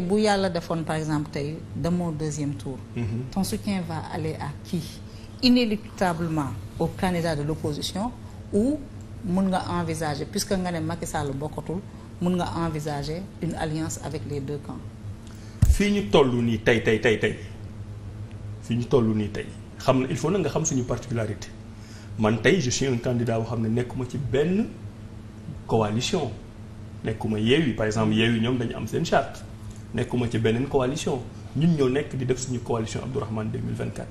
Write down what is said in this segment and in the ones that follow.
que bu yàlla defoon par exemple tey demoo deuxième tour. Mm ton soutien va aller à qui inéluctablement au candidat de l'opposition ou mun nga envisager puisque nga ne Macky Sall bokkatul mun nga envisager une alliance avec les de camps. fii ñu toll nii tey tey tey tey fii ñu toll nii tey xam na il faut na nga xam suñu particularité man tey je suis un candidat boo xam ne nekkuma ci benn coalition nekkuma Yewwi par exemple Yewwi ñoom dañu am seen charte. nekkuma ci beneen coalition ñun ñoo nekk di def suñu coalition Abdourahmane 2024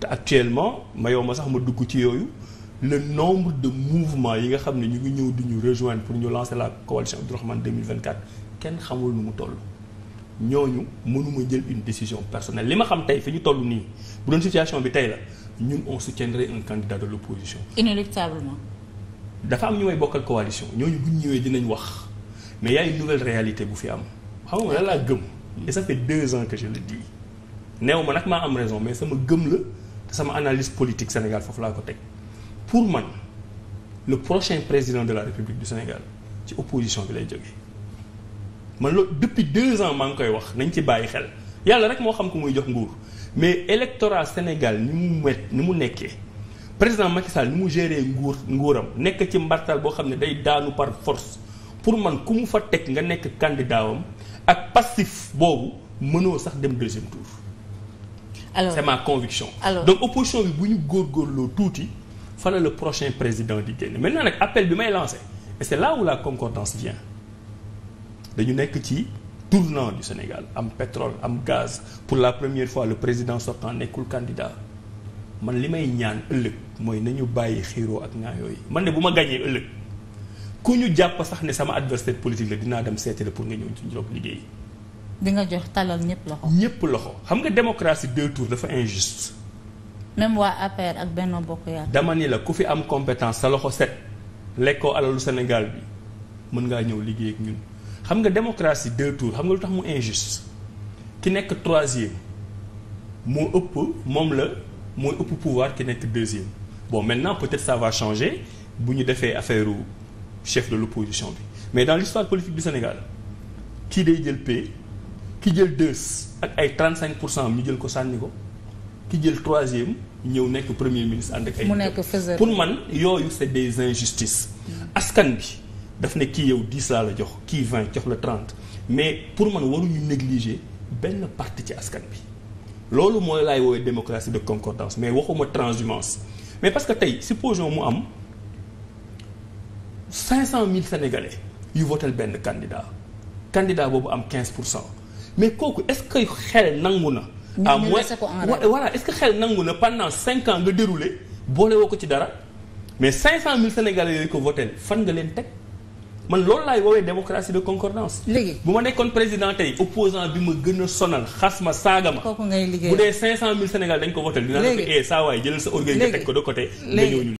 te actuellement ma yow ma sax ma dugg ci yooyu le nombre de mouvements yi nga xam ne ñu ngi ñëw di ñu rejoindre pour ñu lancer la coalition Abdourahmane 2024 kenn xamul nu mu toll ñu mënuma jël une décision personnelle li ma xam tey fi ñu toll nii bu doon situation bi tey la ñun on soutiendrait un candidat de l'opposition inéluctablement dafa am ñu may bokkal coalition ñooñu bu ñu ñëwee dinañu wax mais yaay a réalité bu fi am xaw ma lan laa gëm et ça fait deux ans que je le dis néew ma nag maa am raison mais sama gëm la te sama analyse politique Sénégal foofu laa ko teg pour man le prochain président de la République du Sénégal ci opposition bi lay jógee man loolu depuis deux ans maa ngi koy wax nañ ci bàyyi xel yàlla rek moo xam ko muy jox nguur mais électorat Sénégal ni mu met ni mu nekkee président Macky Sall ni mu géré nguur nguuram nekk ci mbartal boo xam ne day daanu par force pour man ku mu fa teg nga nekk candidat wam ak passif boobu mënoo sax dem deuxième tour. alors c'est conviction. alors donc opposition bu ñu góorgóorloo tuuti fa la le prochain président di mel maintenant nag appel bi may lancé et c'est là où la concordance vient dañu nekk ci tournant du Sénégal am pétrole am gaz pour la première fois le président sortant nekkul candidat man li may ñaan ëllëg mooy nañu bàyyi xiiroo ak ñaayoo yi man de bu ma gañee ëllëg. ku ñu jàpp sax ne sama adversaire politique la dinaa dem seeti la pour nga ñëw ci jox liggéey. di nga jox talal ñëpp loxo. ñëpp loxo xam nga démocratie deux tours dafa injuste. même waa APR ak Benno Bokk Yaakaar. dama ni la ku fi am compétence sa loxo set lekkoo alalu Sénégal bi mën ngaa ñëw liggéey ak ñun xam nga démocratie deux tour xam nga lu tax mu injuste ki nekk troisième moo ëpp moom la mooy ëpp pouvoir ki nekk deuxième bon maintenant peut-être ça bu ñu defee affaire chef de l'opposition bi mais dans l'histoire politique du Sénégal kii day jël P ki jël deux ak ay cinq pour cent ñu jël ko sànni ko ki jël troisième ñëw nekk premier ministre ànd ak ay. mu pour man yooyu c'est des injustices. Mm. askan bi daf ne kii yow 10 laa la jox kii 20 jox la 30 mais pour man waruñu négliger benn parti ci askan bi loolu mooy laay woowee démocratie de concordance mais waxuma transhumance mais parce que tey supposons mu am. cinq cent mille sénégalais yu votel benn candidat candidat boobu am quinze pour cent mais kooku est-ce que xel nangu na à moins voilà est-ce que xel nangu na pendant cinq ans nga déroulé boole woo ko ci dara mais cinq cent mille sénégalais yooyu ko votel fan nga leen teg man loolu laay woowee démocratie de concordance léegi bu ma nekkoon président tey opposant bi ma gën a sonal xas ma saaga ma bu dee cinq cent mille sénégalais dañ ko votel dina la ko ee eh, saa waay